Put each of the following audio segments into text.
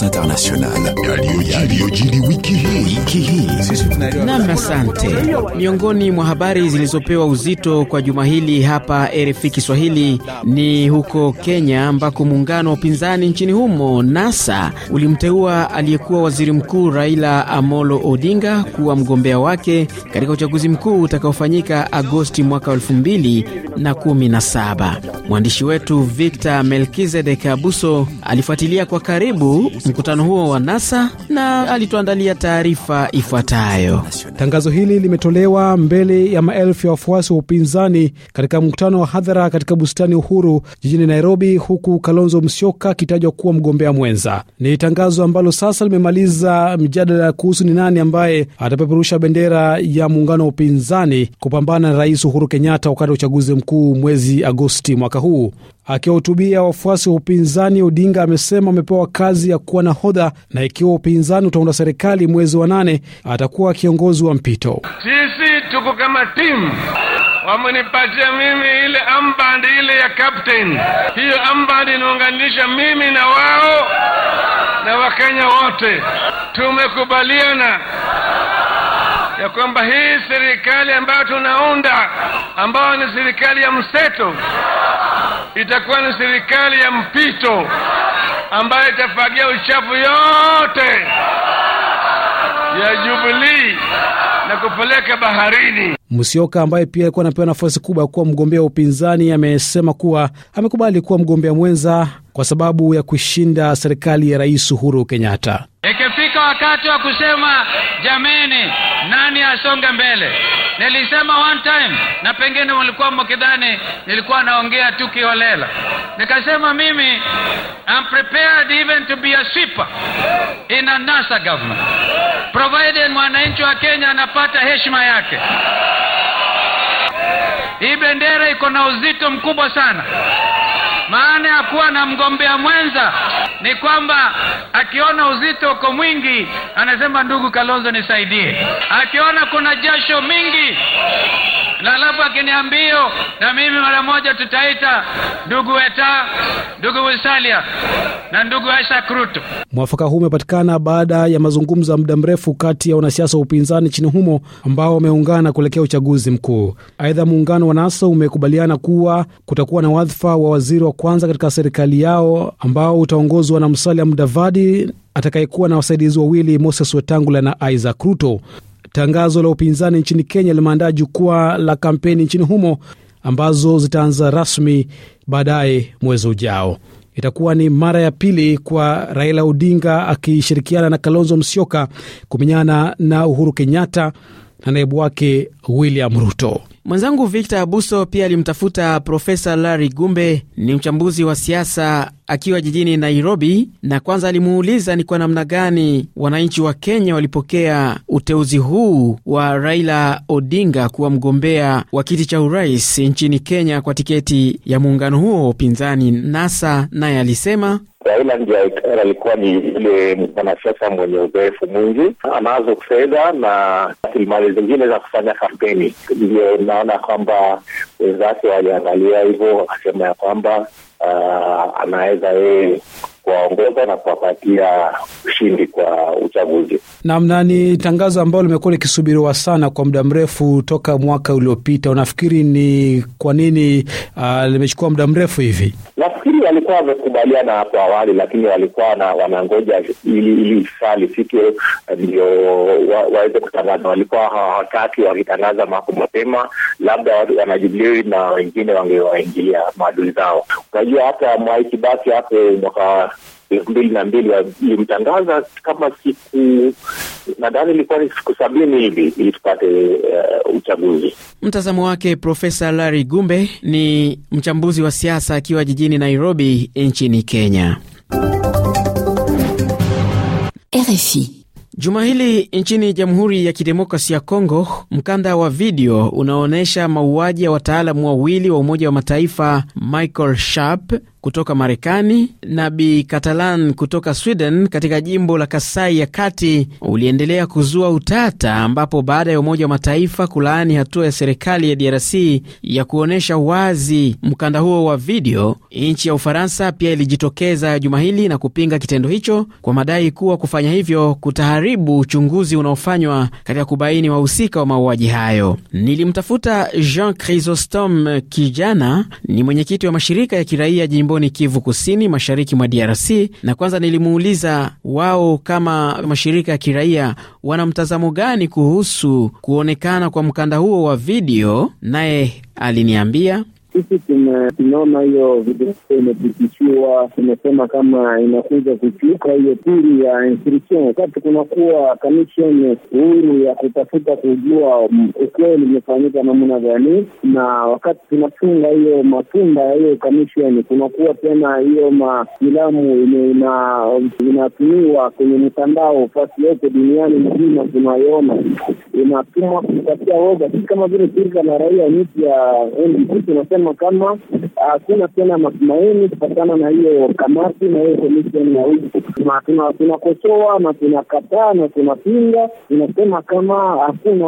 Conférence Internationale Nam, asante. Miongoni mwa habari zilizopewa uzito kwa juma hili hapa RFI Kiswahili ni huko Kenya, ambako muungano wa upinzani nchini humo NASA ulimteua aliyekuwa waziri mkuu Raila Amolo Odinga kuwa mgombea wake katika uchaguzi mkuu utakaofanyika Agosti mwaka 2017. Mwandishi wetu Victor Melkizedek Abuso alifuatilia kwa karibu mkutano huo wa NASA na alituandalia taarifa ifuatayo. Tangazo hili limetolewa mbele ya maelfu ya wafuasi wa upinzani katika mkutano wa hadhara katika bustani Uhuru jijini Nairobi, huku Kalonzo Musyoka akitajwa kuwa mgombea mwenza. Ni tangazo ambalo sasa limemaliza mjadala kuhusu ni nani ambaye atapeperusha bendera ya muungano wa upinzani kupambana na Rais Uhuru Kenyatta wakati wa uchaguzi mkuu mwezi Agosti mwaka huu. Akiwahutubia wafuasi wa upinzani, Odinga amesema amepewa kazi ya kuwa nahodha na ikiwa upinzani utaunda serikali mwezi wa nane atakuwa kiongozi wa mpito. Sisi tuko kama timu, wamenipatia mimi ile amband ile ya captain. Hiyo amband inaunganisha mimi na wao na Wakenya wote, tumekubaliana ya kwamba hii serikali ambayo tunaunda ambayo ni serikali ya mseto itakuwa ni serikali ya mpito ambayo itafagia uchafu yote ya Jubilii na kupeleka baharini. msioka ambaye pia alikuwa anapewa nafasi kubwa ya kuwa mgombea wa upinzani amesema kuwa amekubali kuwa mgombea mwenza kwa sababu ya kushinda serikali ya Rais Uhuru Kenyatta wakati wa kusema jameni, nani asonge mbele. Nilisema one time, na pengine mlikuwa mkidhani nilikuwa naongea tu kiolela. Nikasema mimi I'm prepared even to be a sweeper in a NASA government provided mwananchi wa Kenya anapata heshima yake. Hii bendera iko na uzito mkubwa sana. Maana ya kuwa na mgombea mwenza ni kwamba akiona uzito uko mwingi, anasema ndugu Kalonzo, nisaidie. Akiona kuna jasho mingi na alafu akiniambio na mimi mara moja tutaita ndugu Weta, ndugu Wisalia na ndugu Aisha Kruto. Mwafaka huu umepatikana baada ya mazungumzo ya muda mrefu kati ya wanasiasa wa upinzani nchini humo ambao wameungana kuelekea uchaguzi mkuu. Aidha, muungano wa NASA umekubaliana kuwa kutakuwa na wadhifa wa waziri wa kwanza katika serikali yao ambao utaongozwa na Musalia Mudavadi atakayekuwa na wasaidizi wawili Moses Wetangula na Isaac Ruto. Tangazo la upinzani nchini Kenya limeandaa jukwaa la kampeni nchini humo ambazo zitaanza rasmi baadaye mwezi ujao. Itakuwa ni mara ya pili kwa Raila Odinga akishirikiana na Kalonzo Musyoka kumenyana na Uhuru Kenyatta na naibu wake William Ruto. Mwenzangu Victor Abuso pia alimtafuta Profesa Larry Gumbe, ni mchambuzi wa siasa akiwa jijini Nairobi, na kwanza alimuuliza ni kwa namna gani wananchi wa Kenya walipokea uteuzi huu wa Raila Odinga kuwa mgombea wa kiti cha urais nchini Kenya kwa tiketi ya muungano huo wa upinzani NASA. Naye alisema Raila ndiye alikuwa ni yule mwanasiasa mwenye uzoefu mwingi, anazo fedha na rasilimali zingine za kufanya kampeni. Ndio naona kwamba wenzake waliangalia hivyo, wakasema ya kwamba uh, anaweza yeye kuwaongoza na kuwapatia ushindi kwa uchaguzi. Naam, na ni tangazo ambalo limekuwa likisubiriwa sana kwa muda mrefu toka mwaka uliopita. Unafikiri ni kwa nini uh, limechukua muda mrefu hivi? Nafikiri walikuwa wamekubaliana hapo awali, lakini walikuwa na wanangoja ili ili saa lifike eh, ndio wa, waweze kutangaza. Walikuwa hawataki wakitangaza mako mapema, labda wanajubilii na wengine wangewaingilia maadui zao. Unajua hata Mwai Kibaki hapo mwaka elfu mbili na mbili ilimtangaza kama siku nadhani ilikuwa ni siku sabini hivi ili tupate uh, uchaguzi. Mtazamo wake Profesa Larry Gumbe ni mchambuzi wa siasa akiwa jijini Nairobi nchini Kenya. RFI. Juma hili nchini Jamhuri ya Kidemokrasi ya Kongo, mkanda wa video unaonyesha mauaji ya wataalamu wawili wa Umoja wa Mataifa Michael Sharp kutoka Marekani na Bi Catalan kutoka Sweden katika jimbo la Kasai ya kati uliendelea kuzua utata, ambapo baada ya Umoja wa Mataifa kulaani hatua ya serikali ya DRC ya kuonyesha wazi mkanda huo wa video, nchi ya Ufaransa pia ilijitokeza juma hili na kupinga kitendo hicho kwa madai kuwa kufanya hivyo kutaharibu uchunguzi unaofanywa katika kubaini wahusika wa, wa mauaji hayo. Nilimtafuta Jean Chrysostome Kijana, ni mwenyekiti wa mashirika ya kiraia jimbo jimboni Kivu Kusini, mashariki mwa DRC, na kwanza nilimuuliza wao kama mashirika ya kiraia wana mtazamo gani kuhusu kuonekana kwa mkanda huo wa video, naye aliniambia sisi tumeona hiyo video imepitishiwa, tumesema kama inakuja kukiuka hiyo turi ya instruction, wakati kunakuwa kamishen huru ya kutafuta kujua ukweli imefanyika namna gani, na wakati tunafunga hiyo matunda ya hiyo kamishen, kunakuwa tena hiyo mafilamu inatumiwa kwenye mtandao fasi yote duniani mzima, tunaiona inatuma kupatia woga sisi kama vile shirika la raia miti ya tunasema kusema kama ah, hakuna tena matumaini kupatana na hiyo kamati na hiyo commission ya huku. Tunakosoa na tunakataa na tunapinga, tunasema kama hakuna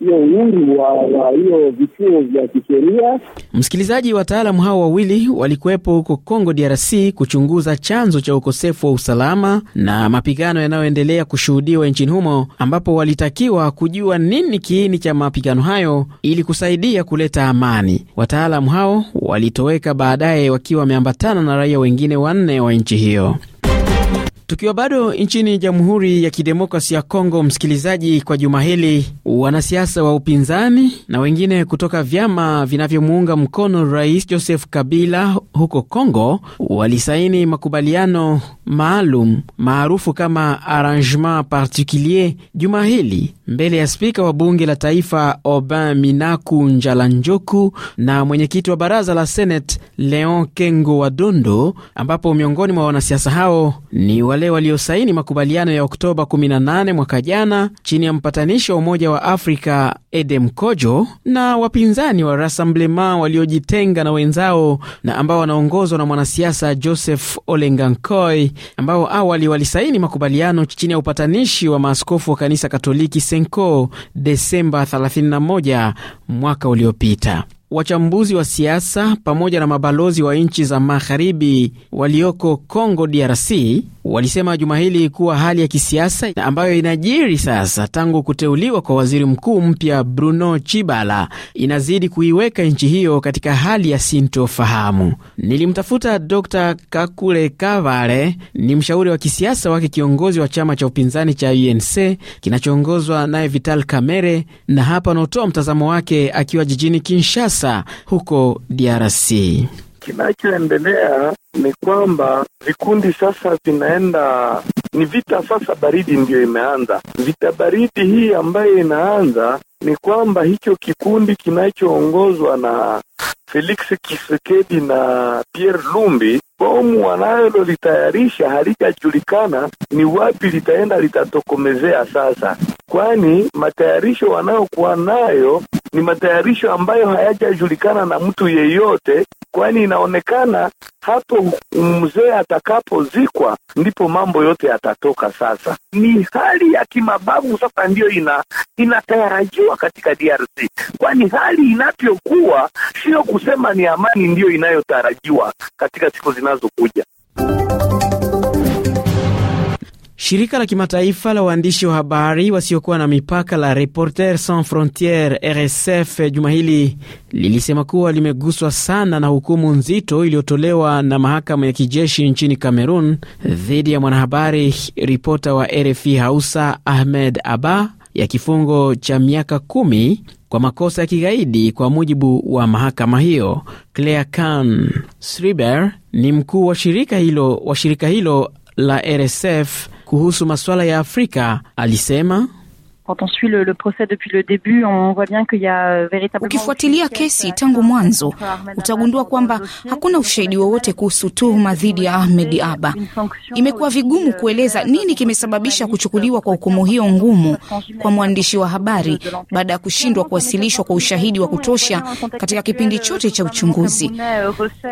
hiyo uhuru wa hiyo vituo vya kisheria. Msikilizaji, wataalamu hao wawili walikuwepo huko Congo DRC kuchunguza chanzo cha ukosefu wa usalama na mapigano yanayoendelea kushuhudiwa nchini humo, ambapo walitakiwa kujua nini kiini cha mapigano hayo ili kusaidia kuleta amani. Wataalamu Wataalamu hao walitoweka baadaye wakiwa wameambatana na raia wengine wanne wa nchi hiyo. Tukiwa bado nchini Jamhuri ya Kidemokrasi ya Kongo, msikilizaji, kwa juma hili wanasiasa wa upinzani na wengine kutoka vyama vinavyomuunga mkono Rais Joseph Kabila huko Kongo walisaini makubaliano maalum maarufu kama arrangement particulier juma hili mbele ya spika wa bunge la taifa Obin Minaku Njalanjoku na mwenyekiti wa baraza la Senate Leon Kengo Wadondo, ambapo miongoni mwa wanasiasa hao ni wale waliosaini makubaliano ya Oktoba 18 mwaka jana chini ya mpatanishi wa Umoja wa Afrika Edem Kojo na wapinzani wa Rassemblement waliojitenga na wenzao na ambao wanaongozwa na mwanasiasa Joseph Olengankoi ambao awali walisaini makubaliano chini ya upatanishi wa maaskofu wa kanisa Katoliki Senko Desemba 31 mwaka uliopita wachambuzi wa siasa pamoja na mabalozi wa nchi za magharibi walioko Congo DRC walisema juma hili kuwa hali ya kisiasa ambayo inajiri sasa tangu kuteuliwa kwa waziri mkuu mpya Bruno Chibala inazidi kuiweka nchi hiyo katika hali ya sintofahamu. Nilimtafuta Dr Kakule Kavale, ni mshauri wa kisiasa wake kiongozi wa chama cha upinzani cha UNC kinachoongozwa naye Vital Kamere, na hapa anaotoa mtazamo wake akiwa jijini Kinshasa. Kinshasa huko DRC. Kinachoendelea ni kwamba vikundi sasa vinaenda, ni vita sasa baridi ndiyo imeanza. Vita baridi hii ambayo inaanza ni kwamba hicho kikundi kinachoongozwa na Felix Tshisekedi na Pierre Lumbi, bomu wanayololitayarisha halijajulikana ni wapi litaenda litatokomezea sasa, kwani matayarisho wanayokuwa nayo ni matayarisho ambayo hayajajulikana na mtu yeyote, kwani inaonekana hapo mzee atakapozikwa ndipo mambo yote yatatoka. Sasa ni hali ya kimabavu sasa ndiyo ina inatarajiwa katika DRC, kwani hali inavyokuwa sio kusema ni amani ndiyo inayotarajiwa katika siku zinazokuja. Shirika la kimataifa la waandishi wa habari wasiokuwa na mipaka la Reporters Sans Frontieres RSF juma hili lilisema kuwa limeguswa sana na hukumu nzito iliyotolewa na mahakama ya kijeshi nchini Cameroon dhidi ya mwanahabari ripota wa RFI Hausa Ahmed Abba ya kifungo cha miaka kumi kwa makosa ya kigaidi kwa mujibu wa mahakama hiyo. Claire kan Sriber ni mkuu wa shirika hilo, wa shirika hilo la RSF kuhusu masuala ya Afrika alisema Quand on suit le, le procès depuis le début, on voit bien qu'il y a euh, véritablement Ukifuatilia kesi tangu euh, mwanzo, utagundua kwamba hakuna ushahidi wowote kuhusu tuhuma dhidi ya Ahmed Aba. Imekuwa vigumu kueleza nini kimesababisha kuchukuliwa kwa euh, hukumu hiyo ngumu kwa mwandishi wa habari baada ya kushindwa kuwasilishwa kwa ushahidi wa kutosha katika kipindi chote cha uchunguzi.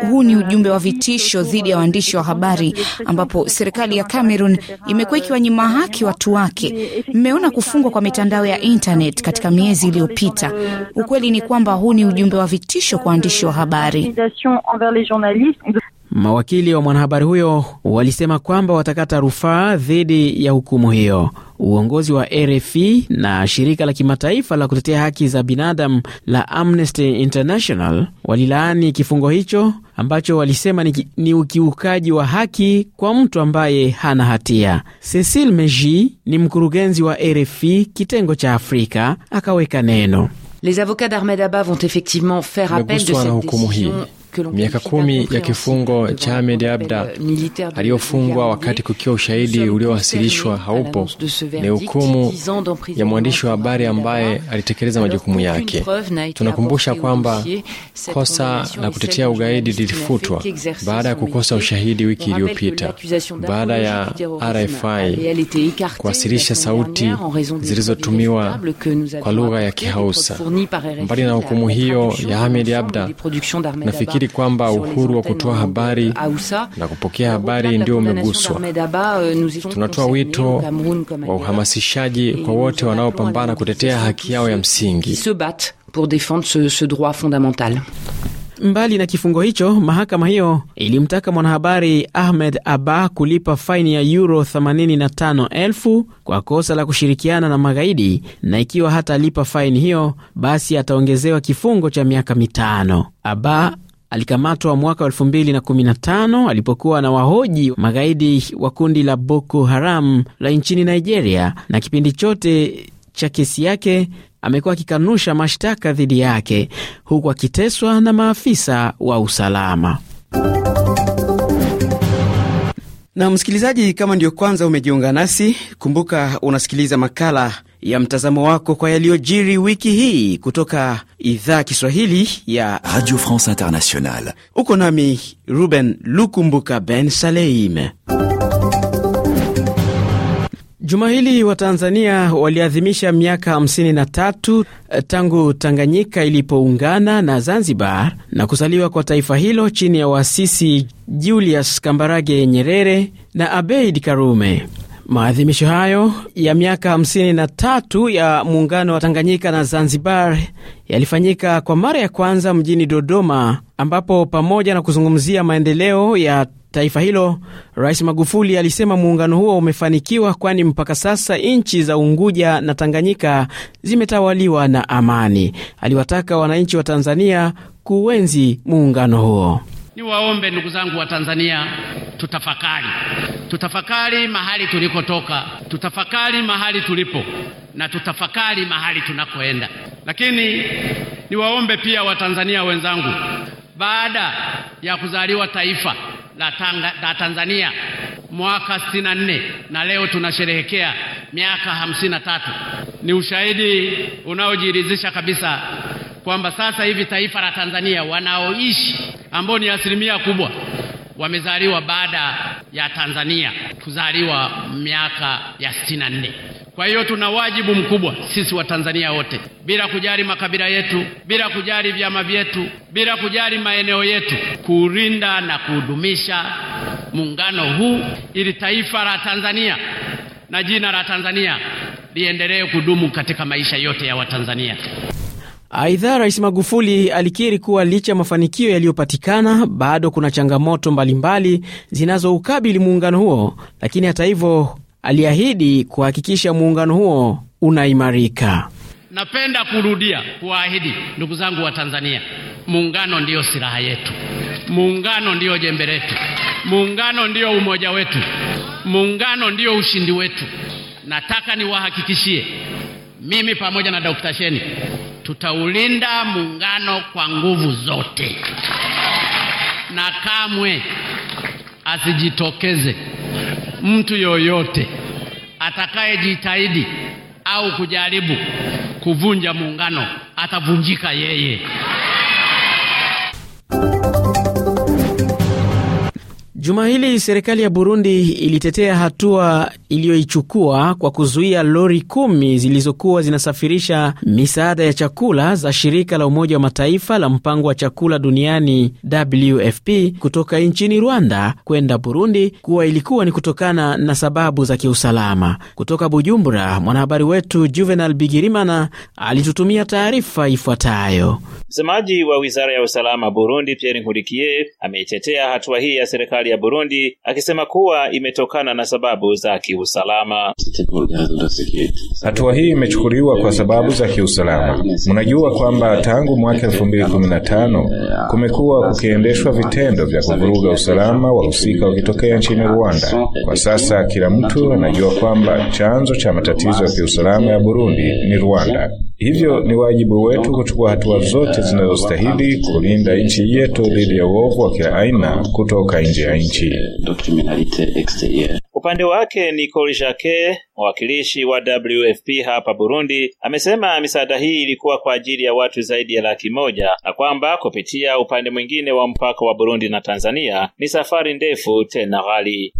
Huu ni ujumbe wa vitisho dhidi ya waandishi wa habari ambapo serikali ya Cameroon imekuwa ikiwanyima haki watu wake. Mmeona kufungwa kwa mitandao ya intanet katika miezi iliyopita. Ukweli ni kwamba huu ni ujumbe wa vitisho kwa waandishi wa habari. Mawakili wa mwanahabari huyo walisema kwamba watakata rufaa dhidi ya hukumu hiyo. Uongozi wa RFI na shirika la kimataifa la kutetea haki za binadamu la Amnesty International walilaani kifungo hicho ambacho walisema ni, ni ukiukaji wa haki kwa mtu ambaye hana hatia. Cecil Meji ni mkurugenzi wa RFI kitengo cha Afrika, akaweka neno. Les avocats d'Ahmed Abba vont effectivement faire appel de cette décision miaka kumi ya kifungo cha Ahmed Abda euh, aliyofungwa wakati kukiwa ushahidi uliowasilishwa haupo ni hukumu ya mwandishi wa habari ambaye alitekeleza majukumu yake. Tunakumbusha kwamba kosa la kutetea ugaidi lilifutwa baada ya kukosa ushahidi wiki iliyopita baada ya RFI kuwasilisha sauti zilizotumiwa kwa lugha ya Kihausa. Mbali na hukumu hiyo ya Ahmed Abda, nafikiri Nafikiri kwamba uhuru wa kutoa habari na kupokea habari ndio umeguswa. Tunatoa wito wa uhamasishaji kwa wote wanaopambana kutetea haki yao ya msingi. Mbali na kifungo hicho, mahakama hiyo ilimtaka mwanahabari Ahmed Abba kulipa faini ya euro 85,000 kwa kosa la kushirikiana na magaidi, na ikiwa hatalipa faini hiyo, basi ataongezewa kifungo cha miaka mitano. Aba alikamatwa mwaka wa 2015 alipokuwa na wahoji magaidi wa kundi la Boko Haram la nchini Nigeria, na kipindi chote cha kesi yake amekuwa akikanusha mashtaka dhidi yake huku akiteswa na maafisa wa usalama. Na msikilizaji, kama ndiyo kwanza umejiunga nasi, kumbuka unasikiliza makala ya mtazamo wako kwa yaliyojiri wiki hii kutoka idhaa Kiswahili ya Radio France Internationale. Uko nami Ruben Lukumbuka Ben Saleim. Juma hili Watanzania waliadhimisha miaka 53 eh, tangu Tanganyika ilipoungana na Zanzibar na kuzaliwa kwa taifa hilo chini ya waasisi Julius Kambarage Nyerere na Abeid Karume. Maadhimisho hayo ya miaka 53 ya muungano wa Tanganyika na Zanzibar yalifanyika kwa mara ya kwanza mjini Dodoma, ambapo pamoja na kuzungumzia maendeleo ya taifa hilo, Rais Magufuli alisema muungano huo umefanikiwa, kwani mpaka sasa nchi za Unguja na Tanganyika zimetawaliwa na amani. Aliwataka wananchi wa Tanzania kuwenzi muungano huo. Niwaombe ndugu zangu wa Tanzania, tutafakari, tutafakari mahali tulikotoka, tutafakari mahali tulipo na tutafakari mahali tunakoenda. Lakini niwaombe pia Watanzania wenzangu, baada ya kuzaliwa taifa la, tanga, la Tanzania mwaka 64 na leo tunasherehekea miaka hamsini na tatu ni ushahidi unaojiridhisha kabisa kwamba sasa hivi taifa la Tanzania wanaoishi ambao ni asilimia kubwa wamezaliwa baada ya Tanzania kuzaliwa miaka ya sitini na nne. Kwa hiyo tuna wajibu mkubwa sisi Watanzania wote, bila kujali makabila yetu, bila kujali vyama vyetu, bila kujali maeneo yetu, kuulinda na kuhudumisha muungano huu ili taifa la Tanzania na jina la Tanzania liendelee kudumu katika maisha yote ya Watanzania. Aidha, Rais Magufuli alikiri kuwa licha ya mafanikio yaliyopatikana bado kuna changamoto mbalimbali zinazoukabili muungano huo, lakini hata hivyo aliahidi kuhakikisha muungano huo unaimarika. Napenda kurudia kuwaahidi ndugu zangu wa Tanzania, muungano ndiyo silaha yetu, muungano ndiyo jembe letu, muungano ndiyo umoja wetu, muungano ndiyo ushindi wetu. Nataka niwahakikishie mimi pamoja na Dr. Sheni tutaulinda muungano kwa nguvu zote na kamwe asijitokeze mtu yoyote atakayejitahidi au kujaribu kuvunja muungano, atavunjika yeye. Juma hili serikali ya Burundi ilitetea hatua iliyoichukua kwa kuzuia lori kumi zilizokuwa zinasafirisha misaada ya chakula za shirika la Umoja wa Mataifa la mpango wa chakula duniani WFP kutoka nchini Rwanda kwenda Burundi, kuwa ilikuwa ni kutokana na sababu za kiusalama. Kutoka Bujumbura, mwanahabari wetu Juvenal Bigirimana alitutumia taarifa ifuatayo. Msemaji wa wizara ya usalama Burundi, Pierre Nkurikiye, ameitetea hatua hii ya serikali ya Burundi akisema kuwa imetokana na sababu za kiusalama. Hatua hii imechukuliwa kwa sababu za kiusalama. Mnajua kwamba tangu mwaka 2015 kumekuwa kukiendeshwa vitendo vya kuvuruga usalama, wahusika wakitokea nchini Rwanda. Kwa sasa kila mtu anajua kwamba chanzo cha matatizo ya kiusalama ya Burundi ni Rwanda. Hivyo ni wajibu wetu kuchukua hatua zote zinazostahili kulinda nchi yetu dhidi ya uovu wa kila aina kutoka nje ya nchi nchini. Upande wake Nicole Jacquet Mwakilishi wa WFP hapa Burundi amesema misaada hii ilikuwa kwa ajili ya watu zaidi ya laki moja na kwamba kupitia upande mwingine wa mpaka wa Burundi na Tanzania ni safari ndefu tena ghali.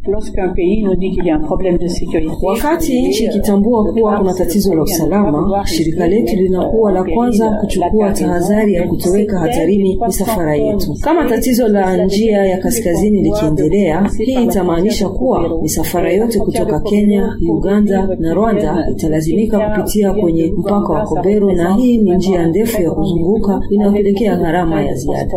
Wakati nchi ikitambua kuwa kuna tatizo la usalama, shirika letu linakuwa la kwanza kuchukua tahadhari ya kutoweka hatarini misafara yetu. Kama tatizo la njia ya kaskazini likiendelea, hii itamaanisha kuwa misafara yote kutoka Kenya, Uganda Uganda na Rwanda italazimika kupitia kwenye mpaka wa Kobero, na hii ni njia ndefu ya kuzunguka inayopelekea gharama ya ziada.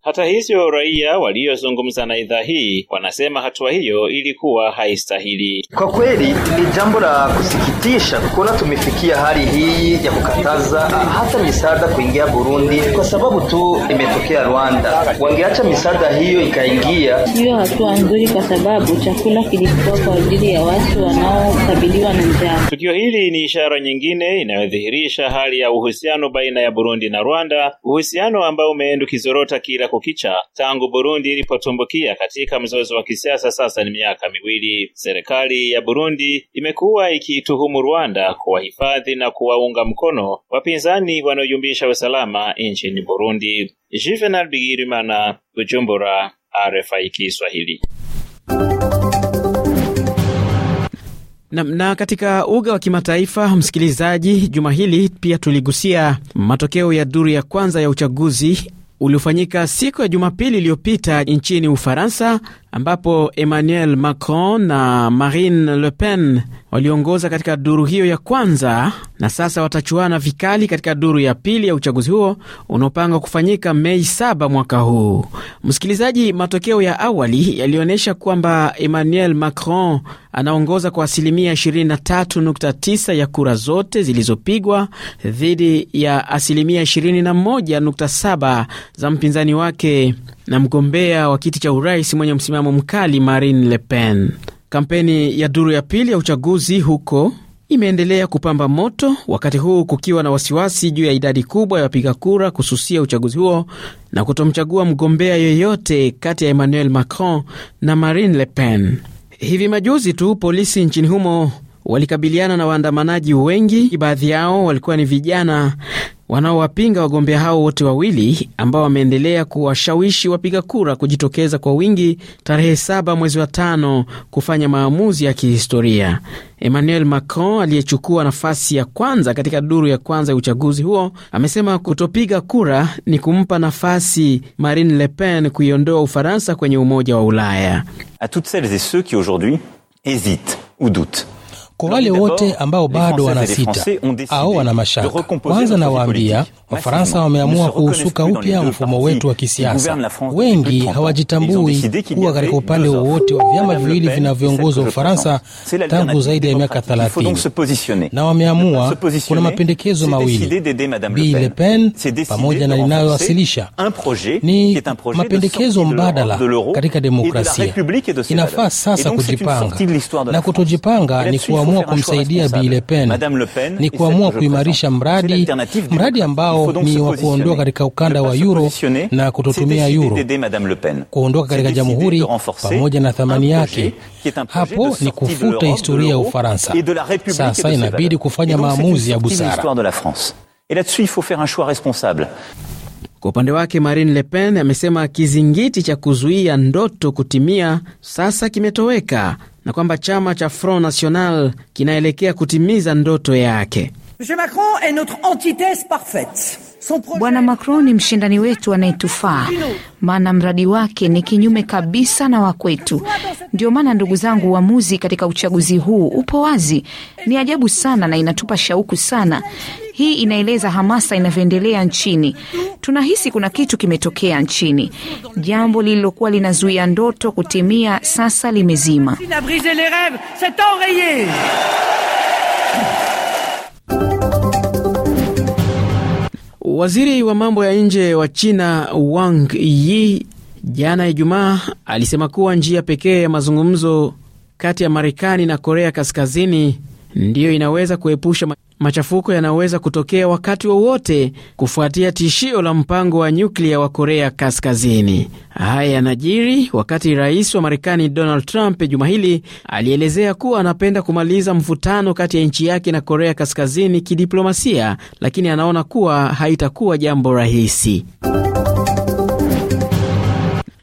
Hata hivyo, raia waliozungumza na idhaa hii wanasema hatua hiyo ilikuwa haistahili. Kwa kweli ni jambo la kusikitisha kuona tumefikia hali hii ya kukataza ah, hata misaada kuingia Burundi kwa sababu tu imetokea Rwanda. Wangeacha misaada hiyo ikaingia, hiyo hatua nzuri, kwa sababu chakula kilikuwa kwa ajili ya watu watu wanaokabiliwa na njaa. Tukio hili ni ishara nyingine inayodhihirisha hali ya uhusiano baina ya Burundi na Rwanda, uhusiano ambao umeenda ukizorota kila kukicha tangu Burundi ilipotumbukia katika mzozo wa kisiasa. Sasa ni miaka miwili. Serikali ya Burundi imekuwa ikiituhumu Rwanda kuwahifadhi na kuwaunga mkono wapinzani wanaoyumbisha usalama nchini Burundi. Juvenal Bigirimana, Bujumbura, RFI Kiswahili. Na, na katika uga wa kimataifa msikilizaji, juma hili pia tuligusia matokeo ya duru ya kwanza ya uchaguzi uliofanyika siku ya Jumapili iliyopita nchini Ufaransa, ambapo Emmanuel Macron na Marine Le Pen waliongoza katika duru hiyo ya kwanza na sasa watachuana vikali katika duru ya pili ya uchaguzi huo unaopangwa kufanyika Mei 7 mwaka huu. Msikilizaji, matokeo ya awali yalionyesha kwamba Emmanuel Macron anaongoza kwa asilimia 23.9 ya kura zote zilizopigwa dhidi ya asilimia 21.7 za mpinzani wake na mgombea wa kiti cha urais mwenye msimamo mkali Marine Le Pen. Kampeni ya duru ya pili ya uchaguzi huko imeendelea kupamba moto, wakati huu kukiwa na wasiwasi juu ya idadi kubwa ya wapiga kura kususia uchaguzi huo na kutomchagua mgombea yoyote kati ya Emmanuel Macron na Marine Le Pen. Hivi majuzi tu polisi nchini humo walikabiliana na waandamanaji wengi. Baadhi yao walikuwa ni vijana wanaowapinga wagombea hao wote wawili ambao wameendelea kuwashawishi wapiga kura kujitokeza kwa wingi tarehe saba mwezi wa tano kufanya maamuzi ya kihistoria. Emmanuel Macron aliyechukua nafasi ya kwanza katika duru ya kwanza ya uchaguzi huo amesema kutopiga kura ni kumpa nafasi Marine Le Pen kuiondoa Ufaransa kwenye Umoja wa Ulaya. A toutes celles et ceux qui aujourd'hui hésitent ou doutent kwa wale wote ambao bado wana sita au wana mashaka, kwanza nawaambia Wafaransa wameamua kuusuka upya mfumo wetu wa kisiasa. Wengi hawajitambui kuwa katika upande wowote wa vyama viwili vinavyoongoza Ufaransa tangu zaidi ya miaka 30 na wameamua, kuna mapendekezo mawili Bi Le Pen pamoja na linayowasilisha ni mapendekezo mbadala katika demokrasia. Inafaa sasa kujipanga na kutojipanga ni kuwa kuamua kumsaidia Bi Le Pen ni kuamua kuimarisha mradi mradi ambao ni wa kuondoka katika ukanda wa euro na kutotumia euro, kuondoka katika jamhuri pamoja na thamani yake. Hapo ni kufuta historia ya Ufaransa. Sasa inabidi kufanya maamuzi ya busara. Kwa upande wake Marine Le Pen amesema kizingiti cha kuzuia ndoto kutimia sasa kimetoweka, na kwamba chama cha Front National kinaelekea kutimiza ndoto yake. Monsieur Macron est notre antithese parfaite. Bwana Macron ni mshindani wetu anayetufaa, maana mradi wake ni kinyume kabisa na wa kwetu. Ndio maana ndugu zangu, uamuzi katika uchaguzi huu upo wazi. Ni ajabu sana na inatupa shauku sana. Hii inaeleza hamasa inavyoendelea nchini. Tunahisi kuna kitu kimetokea nchini. Jambo lililokuwa linazuia ndoto kutimia sasa limezima. Waziri wa mambo ya nje wa China Wang Yi jana Ijumaa alisema kuwa njia pekee ya mazungumzo kati ya Marekani na Korea Kaskazini ndiyo inaweza kuepusha Machafuko yanaweza kutokea wakati wowote wa kufuatia tishio la mpango wa nyuklia wa Korea Kaskazini. Haya yanajiri wakati rais wa Marekani Donald Trump juma hili alielezea kuwa anapenda kumaliza mvutano kati ya nchi yake na Korea Kaskazini kidiplomasia, lakini anaona kuwa haitakuwa jambo rahisi.